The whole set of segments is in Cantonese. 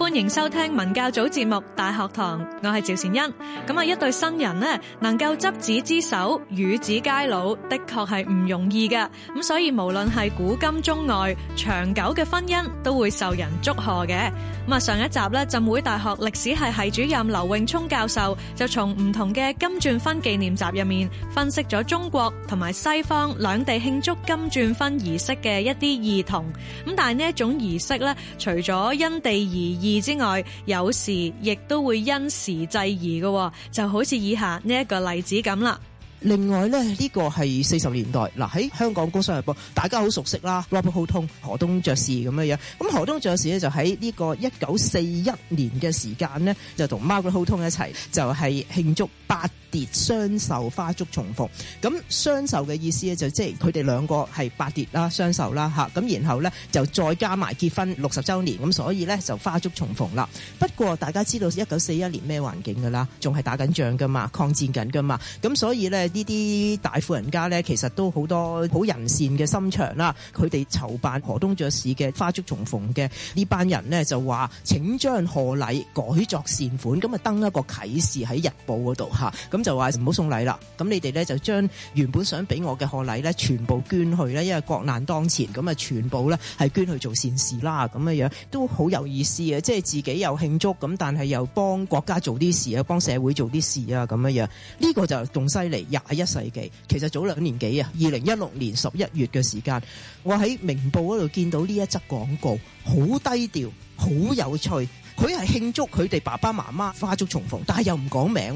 歡迎收聽文教組節目《大學堂》，我係趙善恩。咁啊，一對新人咧，能夠執子之手與子偕老，的確係唔容易噶。咁所以無論係古今中外，長久嘅婚姻都會受人祝賀嘅。咁啊，上一集咧，浸會大學歷史系系主任劉永聰教授就從唔同嘅金鑽婚紀念集入面分析咗中國同埋西方兩地慶祝金鑽婚儀式嘅一啲異同。咁但係呢一種儀式咧，除咗因地而異。而之外，有時亦都會因時制宜嘅、哦，就好似以下呢一個例子咁啦。另外咧，呢、這個係四十年代嗱，喺香港工商日報，大家好熟悉啦。Robert 何東、何東爵士咁嘅樣，咁何東爵士咧就喺呢個一九四一年嘅時間呢，就同 Margaret 何東一齊就係慶祝八秩雙壽花燭重逢，咁雙壽嘅意思咧就即係佢哋兩個係八秩啦，雙壽啦嚇，咁、啊、然後咧就再加埋結婚六十週年，咁所以咧就花燭重逢啦。不過大家知道一九四一年咩環境㗎啦，仲係打緊仗㗎嘛，抗戰緊㗎嘛，咁所以咧呢啲大富人家咧其實都好多好人善嘅心腸啦，佢哋籌辦何東爵士嘅花燭重逢嘅呢班人呢，就話請將賀禮改作善款，咁啊登一個啟事喺日報嗰度嚇，咁、啊。就話唔好送禮啦。咁你哋呢，就將原本想俾我嘅賀禮呢，全部捐去呢，因為國難當前，咁啊全部呢，係捐去做善事啦。咁樣樣都好有意思啊！即係自己又慶祝，咁但係又幫國家做啲事啊，幫社會做啲事啊。咁樣樣呢個就仲犀利。廿一世紀其實早兩年幾啊，二零一六年十一月嘅時間，我喺明報嗰度見到呢一則廣告，好低調，好有趣。佢係慶祝佢哋爸爸媽媽花燭重逢，但係又唔講名。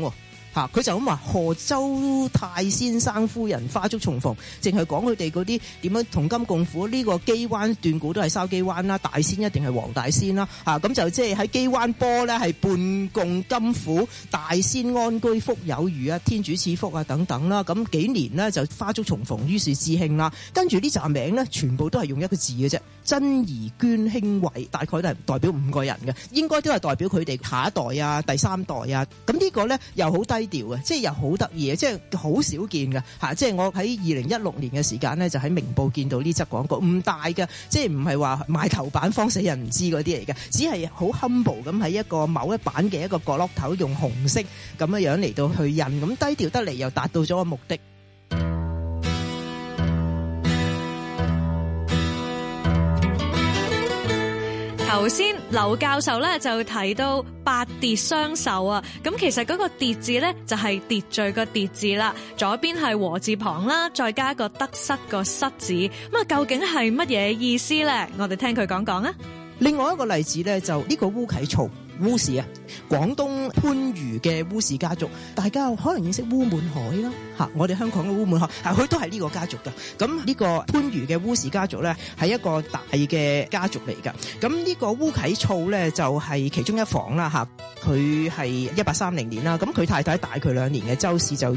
嚇佢、啊、就咁話何周泰先生夫人花燭重逢，淨係講佢哋嗰啲點樣同甘共苦。呢、這個基灣斷股都係筲箕灣啦，大仙一定係黃大仙啦。咁、啊、就即係喺基灣波呢，係半共甘苦，大仙安居福有餘啊，天主賜福啊等等啦。咁幾年呢，就花燭重逢，於是知興啦。跟住呢扎名呢，全部都係用一個字嘅啫，真兒捐興惠，大概都係代表五個人嘅，應該都係代表佢哋下一代啊、第三代啊。咁呢個呢，又好低。低調嘅，即係又好得意嘅，即係好少見噶吓，即係我喺二零一六年嘅時間咧，就喺明報見到呢則廣告，唔大嘅，即係唔係話賣頭版方死人唔知嗰啲嚟嘅，只係好 humble 咁喺一個某一版嘅一個角落頭用紅色咁樣嚟到去印，咁低調得嚟又達到咗個目的。頭先劉教授咧就睇到八秩雙壽啊，咁其實嗰個秩字咧就係秩序個秩字啦，左邊係禾字旁啦，再加一個得失個失字，咁啊究竟係乜嘢意思咧？我哋聽佢講講啊。另外一個例子咧就呢個烏啟曹，烏氏啊，廣東番禺嘅烏氏家族，大家可能認識烏滿海啦。吓，我哋香港嘅烏門，學，佢都係呢個家族㗎。咁呢個番禺嘅烏氏家族咧，係一個大嘅家族嚟㗎。咁呢個烏啟燥咧，就係、是、其中一房啦吓。佢係一八三零年啦，咁佢太太大佢兩年嘅，周氏就二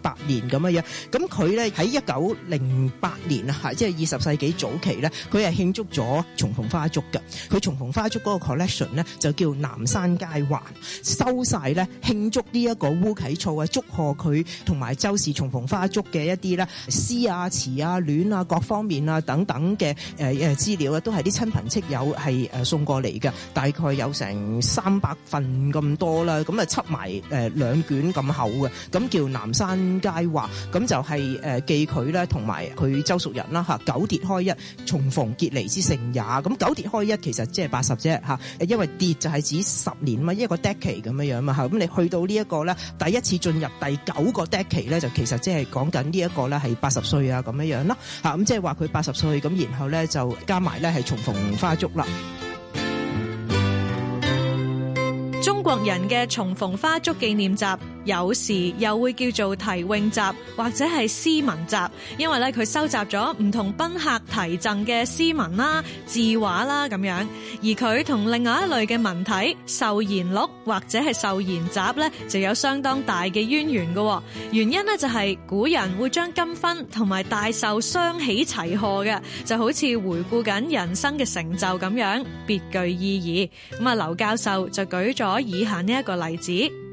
百年咁嘅樣。咁佢咧喺一九零八年啊吓，即係二十世紀早期咧，佢係慶祝咗重逢花燭㗎。佢重逢花燭嗰個 collection 咧，就叫南山街環。收晒咧慶祝呢一個烏啟燥啊，祝賀佢同埋周。是重逢花燭嘅一啲咧詩啊詞啊戀啊,戀啊各方面啊等等嘅誒誒資料啊都係啲親朋戚友係誒送過嚟嘅，大概有成三百份咁多啦，咁啊輯埋誒兩卷咁厚嘅，咁叫南山佳話，咁就係、是、誒、呃、記佢啦，同埋佢周淑仁啦吓，九疊開一重逢結離之盛也，咁九疊開一其實即係八十啫吓，因為跌就係指十年嘛，一個 decade 咁樣樣嘛吓，咁你去到這呢一個咧，第一次進入第九個 decade 咧其實即係講緊呢一個咧，係八十歲啊咁樣樣囉。咯嚇，咁即係話佢八十歲，咁然後咧就加埋咧係重逢花燭啦。國人嘅重逢花燭紀念集，有時又會叫做題詠集或者係詩文集，因為咧佢收集咗唔同賓客題贈嘅詩文啦、字畫啦咁樣。而佢同另外一類嘅文體壽言錄或者係壽言集呢，就有相當大嘅淵源噶。原因呢，就係古人會將金婚同埋大壽雙喜齊賀嘅，就好似回顧緊人生嘅成就咁樣，別具意義。咁啊，劉教授就舉咗以下呢一個例子。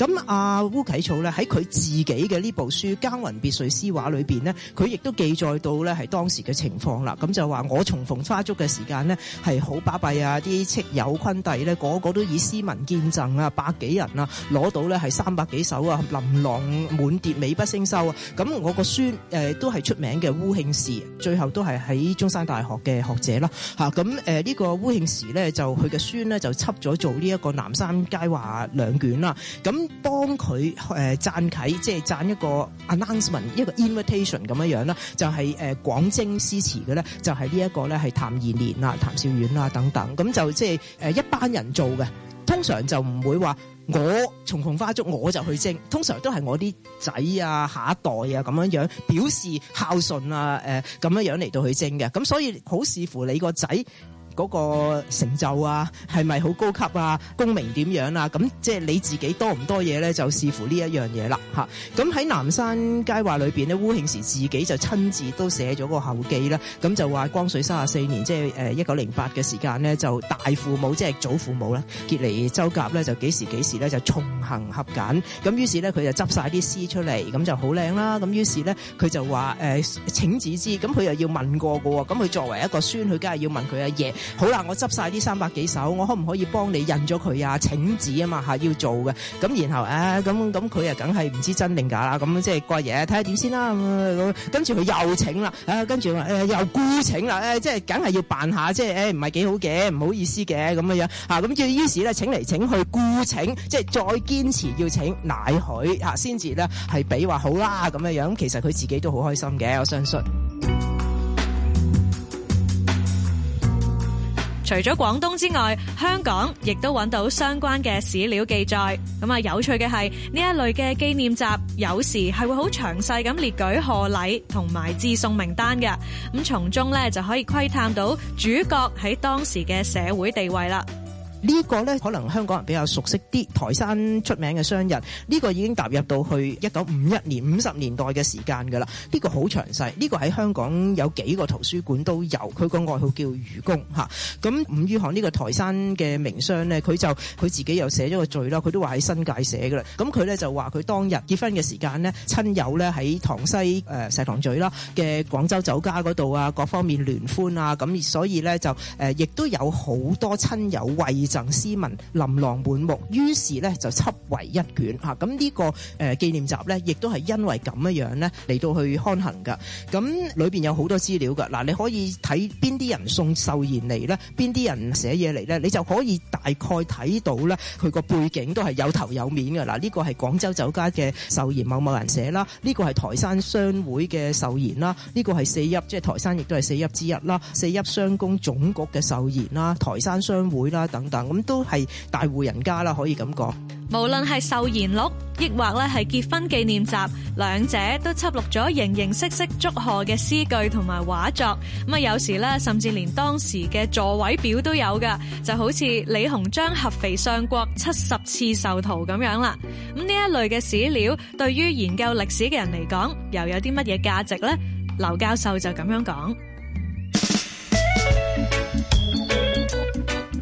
咁阿烏啟草咧喺佢自己嘅呢部書《耕雲別墅詩話》裏面呢，佢亦都記載到咧係當時嘅情況啦。咁就話我重逢花燭嘅時間呢，係好巴閉啊！啲戚友昆弟呢，個個都以詩文見贈啊，百幾人啊，攞到呢係三百幾首啊，琳琅滿跌，美不勝收啊！咁我個孫誒、呃、都係出名嘅烏慶時，最後都係喺中山大學嘅學者啦。咁、啊、呢、呃這個烏慶時呢，就佢嘅孫呢，就輯咗做呢一個《南山佳話》兩卷啦。咁幫佢誒贊啟，即係贊一個 announcement，一個 invitation 咁樣啦，就係、是、誒、呃、廣徵詩詞嘅咧，就係、是、呢一個咧係譚二年啊、譚少遠啊等等，咁就即係、呃、一班人做嘅，通常就唔會話我重逢花燭我就去徵，通常都係我啲仔啊、下一代啊咁樣樣表示孝順啊誒咁、呃、樣樣嚟到去徵嘅，咁所以好視乎你個仔。嗰個成就啊，係咪好高級啊？功名點樣啊？咁即係你自己多唔多嘢咧？就視乎呢一樣嘢啦嚇。咁喺南山佳話裏邊咧，烏慶時自己就親自都寫咗個後記啦。咁就話光緒三十四年，即係誒一九零八嘅時間咧，就大父母即係、就是、祖父母咧結褵周甲咧，就幾時幾時咧就重行合卺。咁於是咧佢就執晒啲詩出嚟，咁就好靚啦。咁於是咧佢就話誒、呃、請子知，咁佢又要問過嘅喎。咁佢作為一個孫，佢梗係要問佢阿爺。爺好啦，我執曬呢三百幾首，我可唔可以幫你印咗佢啊？請字啊嘛嚇要做嘅，咁然後誒咁咁佢啊，梗係唔知真定假啦，咁即係怪嘢睇下點先啦。咁跟住佢又請啦，啊跟住話誒又顧請啦，誒即係梗係要扮下，即係誒唔係幾好嘅，唔好意思嘅咁樣嚇。咁至於是咧請嚟請去顧請，即係再堅持要請乃許嚇，先至咧係俾話好啦咁樣。其實佢自己都好開心嘅，我相信。除咗廣東之外，香港亦都揾到相關嘅史料記載。咁啊，有趣嘅係呢一類嘅紀念集，有時係會好詳細咁列舉賀禮同埋致送名單嘅。咁從中呢，就可以窺探到主角喺當時嘅社會地位啦。呢個呢，可能香港人比較熟悉啲台山出名嘅商人，呢、這個已經踏入到去一九五一年五十年代嘅時間㗎啦。呢、這個好詳細，呢、這個喺香港有幾個圖書館都有。佢個外號叫愚公吓，咁伍宇航呢個台山嘅名商呢，佢就佢自己又寫咗個序啦。佢都話喺新界寫㗎啦。咁佢呢就話佢當日結婚嘅時間呢，親友呢喺塘西、呃、石塘咀啦嘅廣州酒家嗰度啊，各方面聯歡啊，咁、嗯、所以呢，就誒亦、呃、都有好多親友為贈詩文琳琅滿目，於是咧就輯為一卷嚇。咁、啊、呢、這個誒、呃、紀念集咧，亦都係因為咁樣樣咧嚟到去刊行㗎。咁裏邊有好多資料㗎。嗱、啊，你可以睇邊啲人送壽言嚟咧，邊啲人寫嘢嚟咧，你就可以大概睇到咧佢個背景都係有頭有面㗎。嗱、啊，呢、這個係廣州酒家嘅壽言，某某人寫啦，呢、這個係台山商會嘅壽言啦，呢、這個係四邑即係台山亦都係四邑之一啦，四邑商工總局嘅壽言啦，台山商會啦等等。咁都係大戶人家啦，可以咁講。無論係壽言錄，抑或咧係結婚紀念集，兩者都輯錄咗形形色色祝賀嘅詩句同埋畫作。咁啊，有時咧，甚至連當時嘅座位表都有噶。就好似李鴻章合肥相國七十次壽圖咁樣啦。咁呢一類嘅史料，對於研究歷史嘅人嚟講，又有啲乜嘢價值呢？劉教授就咁樣講。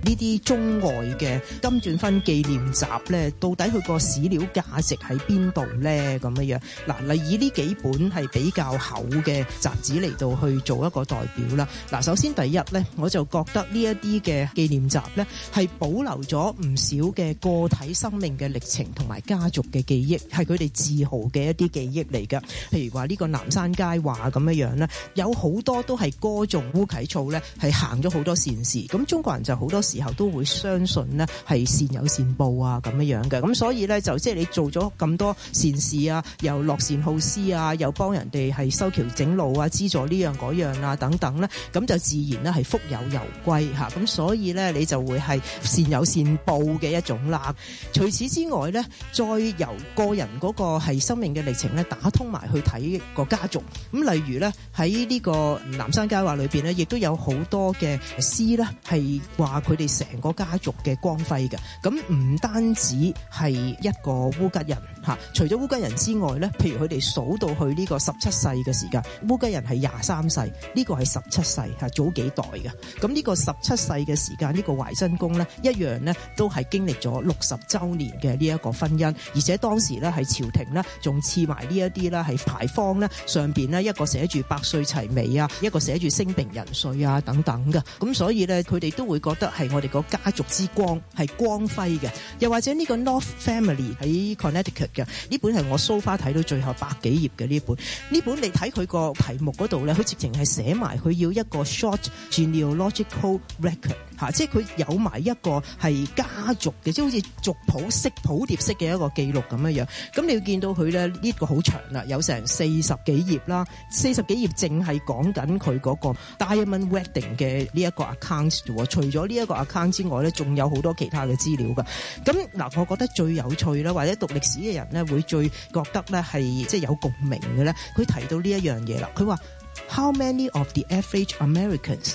呢啲中外嘅金鑽婚紀念集咧，到底佢個史料價值喺邊度咧？咁樣樣嗱，例以呢幾本係比較厚嘅雜誌嚟到去做一個代表啦。嗱，首先第一咧，我就覺得呢一啲嘅紀念集咧，係保留咗唔少嘅個體生命嘅歷程同埋家族嘅記憶，係佢哋自豪嘅一啲記憶嚟噶。譬如話呢個南山佳話咁樣樣咧，有好多都係歌頌烏啟草咧，係行咗好多善事。咁中國人就好多時。以後都會相信咧係善有善報啊咁樣樣嘅，咁所以咧就即係你做咗咁多善事啊，又樂善好施啊，又幫人哋係修橋整路啊，資助呢樣嗰樣啊等等咧，咁就自然咧係福有攸歸吓，咁所以咧你就會係善有善報嘅一種啦。除此之外咧，再由個人嗰個係生命嘅歷程咧打通埋去睇個家族，咁例如咧喺呢在這個南山佳話裏邊咧，亦都有好多嘅詩咧係話佢哋。是說他們成個家族嘅光輝嘅，咁唔單止係一個烏吉人吓、啊，除咗烏吉人之外呢，譬如佢哋數到去呢個十七世嘅時間，烏吉人係廿三世，呢、呢個係十七世吓、啊，早幾代嘅。咁呢個十七世嘅時間，呢個、呢個懷真公呢一樣呢都係經歷咗六十周年嘅呢一個婚姻，而且當時呢係朝廷呢仲賜埋呢一啲啦，係牌坊呢上邊呢一個寫住百歲齊眉，啊，一個寫住升平人瑞啊等等嘅。咁所以呢，佢哋都會覺得係我。我哋個家族之光係光輝嘅，又或者呢個 North Family 喺 Connecticut 嘅呢本係我 so far 睇到最後百幾頁嘅呢本，呢本你睇佢個題目嗰度咧，佢直情係寫埋佢要一個 short genealogical record。啊、即係佢有埋一個係家族嘅，即係好似族譜式、譜牒式嘅一個記錄咁樣樣。咁你會見到佢咧呢個好長啦，有成四十幾頁啦。四十幾頁淨係講緊佢嗰個 Diamond Wedding 嘅呢一個 account。除咗呢一個 account 之外咧，仲有好多其他嘅資料㗎。咁嗱，我覺得最有趣啦，或者讀歷史嘅人咧，會最覺得咧係即係有共鳴嘅咧。佢提到呢一樣嘢啦，佢話：How many of the average Americans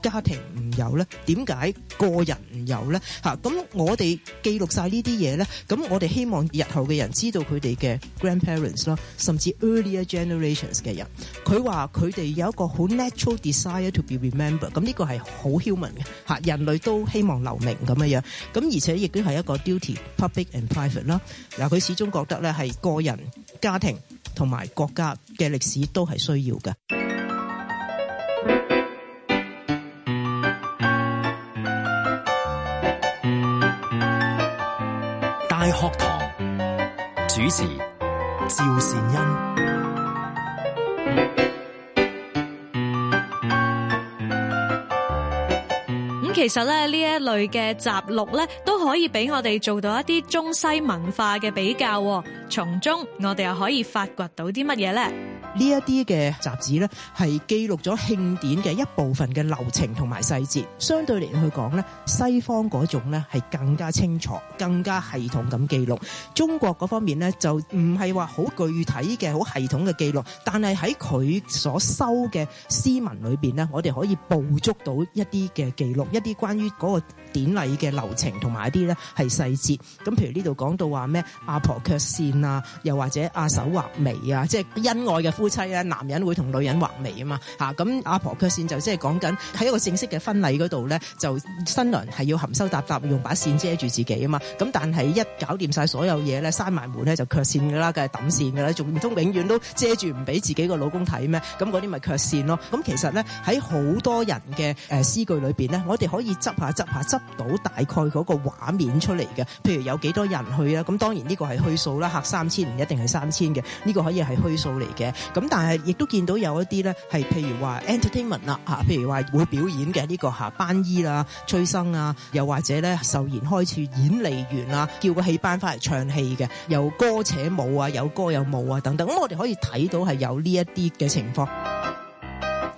家庭唔有咧，點解個人唔有咧？咁、啊、我哋記錄晒呢啲嘢咧，咁、啊、我哋希望日後嘅人知道佢哋嘅 grandparents 囉、啊，甚至 earlier generations 嘅人，佢話佢哋有一個好 natural desire to be remembered，咁、啊、呢、呢個係好 human 嘅、啊。人類都希望留名咁樣樣，咁、啊、而且亦都係一個 duty public and private 啦、啊。嗱、啊，佢始終覺得咧係個人、家庭同埋國家嘅歷史都係需要嘅。學堂主持趙善恩，咁其實咧呢一類嘅雜錄咧，都可以俾我哋做到一啲中西文化嘅比較，從中我哋又可以發掘到啲乜嘢咧？呢一啲嘅雜誌呢，係記錄咗慶典嘅一部分嘅流程同埋細節。相對嚟去講咧，西方嗰種咧係更加清楚、更加系統咁記錄。中國嗰方面呢，就唔係話好具體嘅、好系統嘅記錄。但係喺佢所收嘅詩文裏邊呢，我哋可以捕捉到一啲嘅記錄，一啲關於嗰個典禮嘅流程同埋一啲呢係細節。咁譬如呢度講到話咩阿婆卻線啊，又或者阿手畫眉啊，即係恩愛嘅夫。砌啊！男人會同女人畫眉啊嘛，吓，咁阿婆卻線就即係講緊喺一個正式嘅婚禮嗰度咧，就新娘係要含羞答答用把扇遮住自己啊嘛。咁但係一搞掂晒所有嘢咧，閂埋門咧就卻線噶啦，梗係抌線噶啦，仲唔通永遠都遮住唔俾自己個老公睇咩？咁嗰啲咪卻線咯。咁其實咧喺好多人嘅誒詩句裏邊咧，我哋可以執下執下執到大概嗰個畫面出嚟嘅。譬如有幾多人去啊？咁當然呢個係虛數啦，客三千唔一定係三千嘅，呢個可以係虛數嚟嘅。咁但係亦都見到有一啲咧，係譬如話 entertainment 啦嚇，譬如話會表演嘅呢個嚇班衣啦、吹笙啊，又或者咧首年開始演離員啊，叫個戲班翻嚟唱戲嘅，有歌且舞啊，有歌舞有歌舞啊等等，咁我哋可以睇到係有呢一啲嘅情況。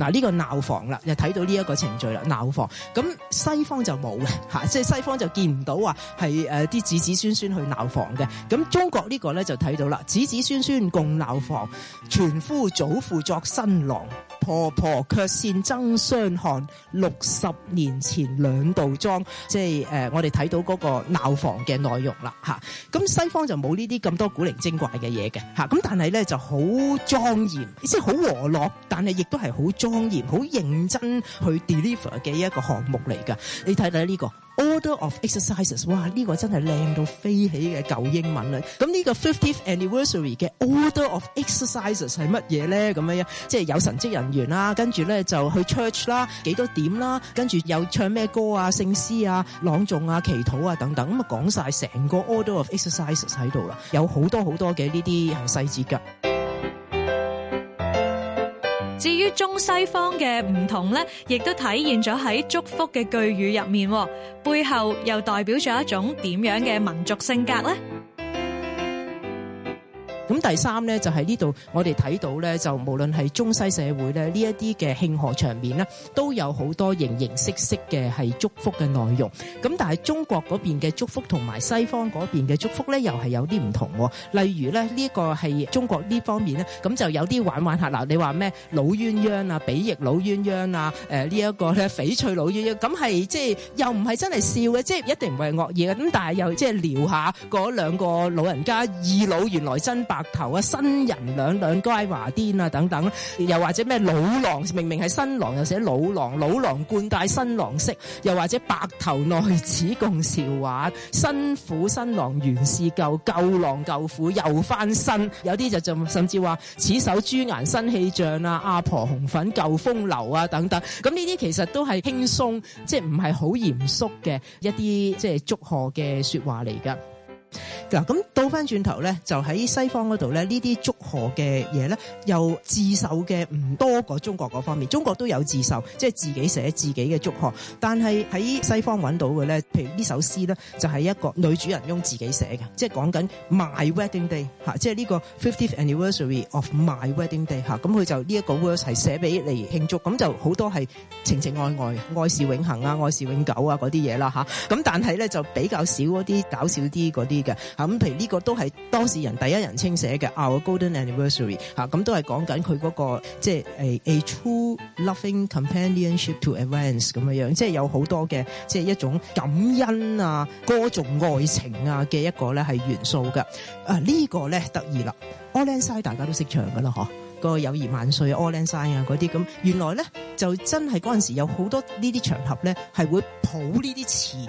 嗱呢個鬧房啦，又睇到呢一個程序啦，鬧房。咁西方就冇嘅，吓，即係西方就見唔到啊係誒啲子子孫孫去鬧房嘅。咁中國個呢個咧就睇到啦，子子孫孫共鬧房，全夫祖父作新郎，婆婆卻扇爭相看，六十年前兩度妝，即係誒我哋睇到嗰個鬧房嘅內容啦，吓，咁西方就冇呢啲咁多古靈精怪嘅嘢嘅，吓，咁但係咧就好莊嚴，即係好和樂，但係亦都係好莊。當然好認真去 deliver 嘅一個項目嚟噶你睇睇呢個 order of exercises，哇！呢個真係靚到飛起嘅舊英文啦。咁呢個 fiftieth anniversary 嘅 order of exercises 係乜嘢咧？咁樣即係有神職人員啦，跟住咧就去 church 啦，幾多點啦，跟住又唱咩歌啊、聖詩啊、朗誦啊、祈禱啊等等。咁啊，講晒成個 order of exercises 喺度啦，有好多好多嘅呢啲係細節噶。至於中西方嘅唔同咧，亦都體現咗喺祝福嘅句語入面，背後又代表咗一種點樣嘅民族性格呢？咁第三咧就係呢度，我哋睇到咧就無論係中西社會咧，呢一啲嘅慶賀場面咧，都有好多形形色色嘅係祝福嘅內容。咁但係中國嗰邊嘅祝福同埋西方嗰邊嘅祝福咧，又係有啲唔同。例如咧呢一個係中國呢方面咧，咁就有啲玩玩下嗱，你話咩老鴛鴦啊，比翼老鴛鴦啊，誒呢一個咧翡翠老鴛鴦，咁係即係又唔係真係笑嘅，即係一定唔係惡意嘅。咁但係又即係撩下嗰兩個老人家，二老原來真白。白頭啊！新人兩兩乖華顛啊！等等，又或者咩老郎，明明係新郎，又寫老郎，老郎冠戴新郎式，又或者白頭內子共韶華，新婦新郎原是舊，舊郎舊婦又翻身。有啲就甚至話此手朱顏新氣象啊，阿、啊、婆紅粉舊風流啊等等。咁呢啲其實都係輕鬆，即係唔係好嚴肅嘅一啲即係祝賀嘅說話嚟噶。嗱，咁倒翻轉頭咧，就喺西方嗰度咧，呢啲祝賀嘅嘢咧，又自受嘅唔多過中國嗰方面。中國都有自受，即係自己寫自己嘅祝賀。但係喺西方揾到嘅咧，譬如呢首詩咧，就係一個女主人翁自己寫嘅，即係講緊 my wedding day，吓，即係呢個 fiftieth anniversary of my wedding day，吓，咁佢就呢一個 words 係寫俾嚟慶祝，咁就好多係情情愛愛，愛是永恆啊，愛是永久啊嗰啲嘢啦，吓。咁但係咧就比較少嗰啲搞笑啲嗰啲。嘅，咁譬如呢個都係當事人第一人稱寫嘅 Our Golden Anniversary，嚇、啊、咁都係講緊佢嗰個即係 A, A True Loving Companionship to Events 咁樣樣，即係有好多嘅即係一種感恩啊、歌頌愛情啊嘅一個咧係元素嘅。啊，這個、呢個咧得意啦，Auld Lang Syne 大家都識唱噶啦，嗬、啊，那個友誼萬歲、Auld Lang Syne 啊嗰啲咁，原來咧就真係嗰陣時有好多呢啲場合咧係會譜呢啲詞。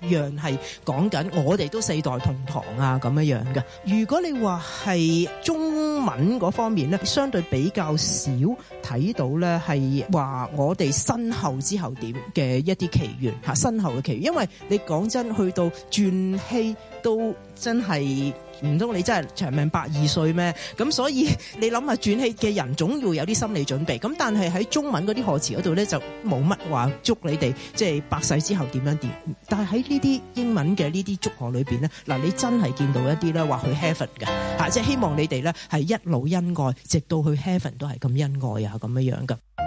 樣係講緊，我哋都四代同堂啊，咁樣樣嘅。如果你話係中文嗰方面咧，相對比較少睇到咧，係話我哋身後之後點嘅一啲奇緣嚇，身後嘅奇緣。因為你講真，去到轉軒都真係。唔通你真係長命百二歲咩？咁所以你諗下轉起嘅人總要有啲心理準備。咁但係喺中文嗰啲賀詞嗰度咧就冇乜話祝你哋即係百世之後點樣點。但係喺呢啲英文嘅呢啲祝賀裏面咧，嗱你真係見到一啲咧話去 Heaven 嘅，吓即係希望你哋咧係一路恩愛，直到去 Heaven 都係咁恩愛啊咁樣樣㗎。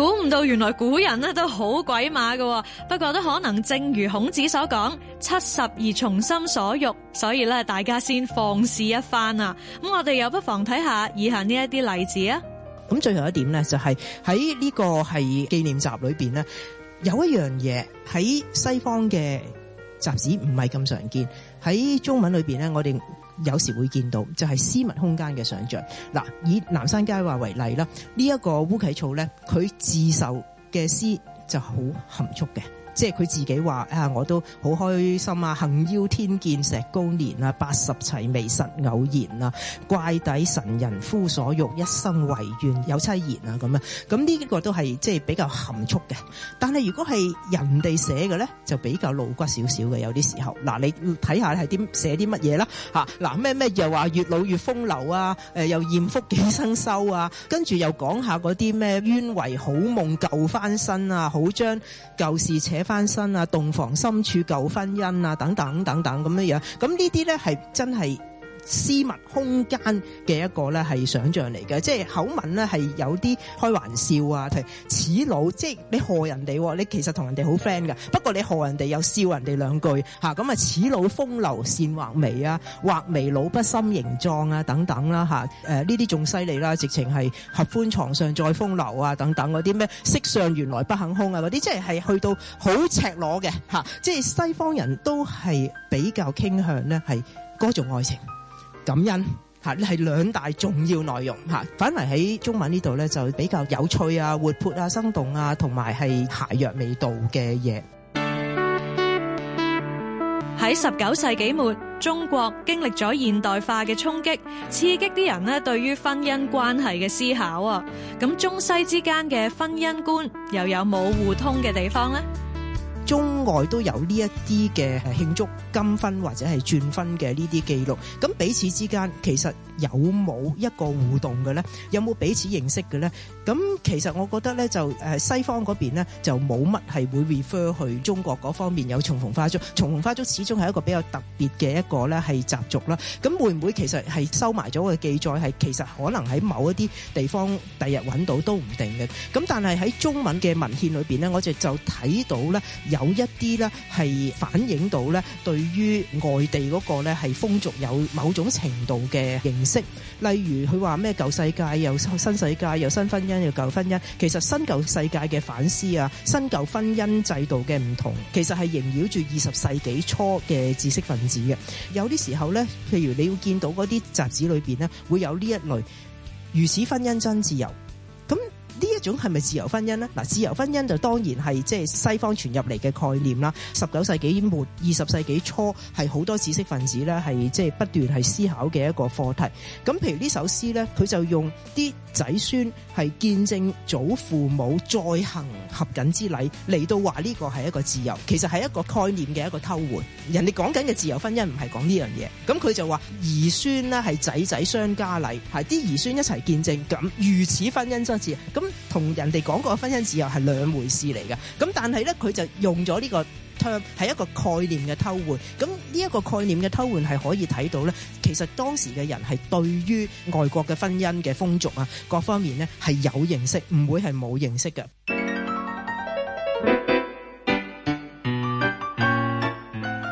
估唔到，原來古人咧都好鬼馬噶，不過都可能正如孔子所講，七十而從心所欲，所以咧大家先放肆一番啊！咁我哋又不妨睇下以下呢一啲例子啊。咁最後一點咧、就是，就係喺呢個係紀念集裏邊咧，有一樣嘢喺西，西方嘅雜誌唔係咁常見，喺中文裏邊咧，我哋。有時會見到，就係私密空間嘅想像。以南山佳話為例，呢一、這個烏軋草咧，佢自售嘅詩就好含蓄嘅。即係佢自己話啊，我都好開心啊，幸邀天見石高年啊，八十齊眉實偶然啊，怪底神人夫所欲，一生為願有妻言啊咁啊，咁呢、嗯這個都係即係比較含蓄嘅。但係如果係人哋寫嘅咧，就比較露骨少少嘅有啲時候。嗱、啊，你睇下係點寫啲乜嘢啦吓，嗱，咩、啊、咩又話越老越風流啊，呃、又艷福幾生修啊，跟住又講下嗰啲咩冤為好夢救翻身啊，好將舊事扯翻身啊，洞房深處舊婚姻啊，等等等等咁樣樣，咁呢啲咧係真係私密空間嘅一個咧係想像嚟嘅，即係口吻咧係有啲開玩笑啊，同似老即係你賀人哋，你其實同人哋好 friend 嘅。不過你賀人哋又笑人哋兩句嚇，咁啊似老風流善畫，善畫眉啊，畫眉老不心形狀啊，等等啦嚇。誒呢啲仲犀利啦，直情係合歡床上再風流啊，等等嗰啲咩色相原來不肯空啊嗰啲，即係係去到好赤裸嘅嚇。即係西方人都係比較傾向咧係嗰種愛情。感恩嚇，呢係兩大重要內容嚇。反而喺中文呢度咧，就比較有趣啊、活潑啊、生動啊，同埋係諧謔味道嘅嘢。喺十九世紀末，中國經歷咗現代化嘅衝擊，刺激啲人咧對於婚姻關係嘅思考啊。咁中西之間嘅婚姻觀又有冇互通嘅地方呢？中外都有呢一啲嘅慶祝金婚或者係鑽婚嘅呢啲記錄，咁彼此之間其實。有冇一個互動嘅咧？有冇彼此認識嘅咧？咁其實我覺得咧，就誒西方嗰邊咧，就冇乜係會 refer 去中國嗰方面有重逢花燭，重逢花燭始終係一個比較特別嘅一個咧係習俗啦。咁會唔會其實係收埋咗個記載？係其實可能喺某一啲地方第日揾到都唔定嘅。咁但係喺中文嘅文獻裏邊咧，我哋就睇到咧有一啲咧係反映到咧對於外地嗰個咧係風俗有某種程度嘅認識。例如佢話咩舊世界又新世界又新婚姻又舊婚姻，其實新舊世界嘅反思啊，新舊婚姻制度嘅唔同，其實係縈繞住二十世紀初嘅知識分子嘅。有啲時候呢，譬如你要見到嗰啲雜誌裏邊呢，會有呢一類如此婚姻真自由。呢一種係咪自由婚姻呢？嗱，自由婚姻就當然係即係西方傳入嚟嘅概念啦。十九世紀末、二十世紀初係好多知識分子咧係即係不斷係思考嘅一個課題。咁譬如呢首詩咧，佢就用啲仔孫係見證祖父母再行合巹之禮嚟到話呢個係一個自由，其實係一個概念嘅一個偷換。人哋講緊嘅自由婚姻唔係講呢樣嘢。咁佢就話兒孫呢係仔仔相加禮，係啲兒孫一齊見證咁如此婚姻真自由咁。同人哋講過婚姻自由係兩回事嚟噶。咁但係呢，佢就用咗呢個 term 係一個概念嘅偷換，咁呢一個概念嘅偷換係可以睇到呢，其實當時嘅人係對於外國嘅婚姻嘅風俗啊，各方面呢係有認識，唔會係冇認識噶。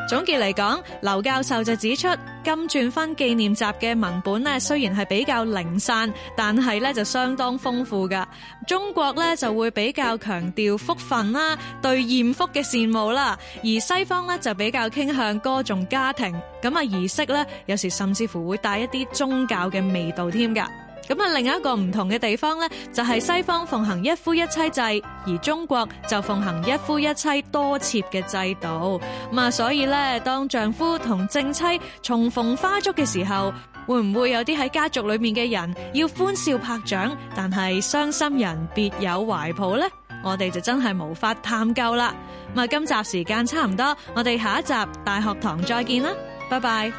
總結嚟講，劉教授就指出，金鑽婚紀念集嘅文本呢雖然係比較零散，但係咧就相當豐富噶。中國咧就會比較強調福分啦，對艷福嘅羨慕啦，而西方咧就比較傾向歌頌家庭，咁啊儀式咧有時甚至乎會帶一啲宗教嘅味道添噶。咁啊，另一個唔同嘅地方咧，就係西方奉行一夫一妻制，而中國就奉行一夫一妻多妾嘅制度。咁啊，所以咧，當丈夫同正妻重逢花燭嘅時候，會唔會有啲喺家族裏面嘅人要歡笑拍掌？但係傷心人別有懷抱咧，我哋就真係無法探究啦。咁啊，今集時間差唔多，我哋下一集大學堂再見啦，拜拜。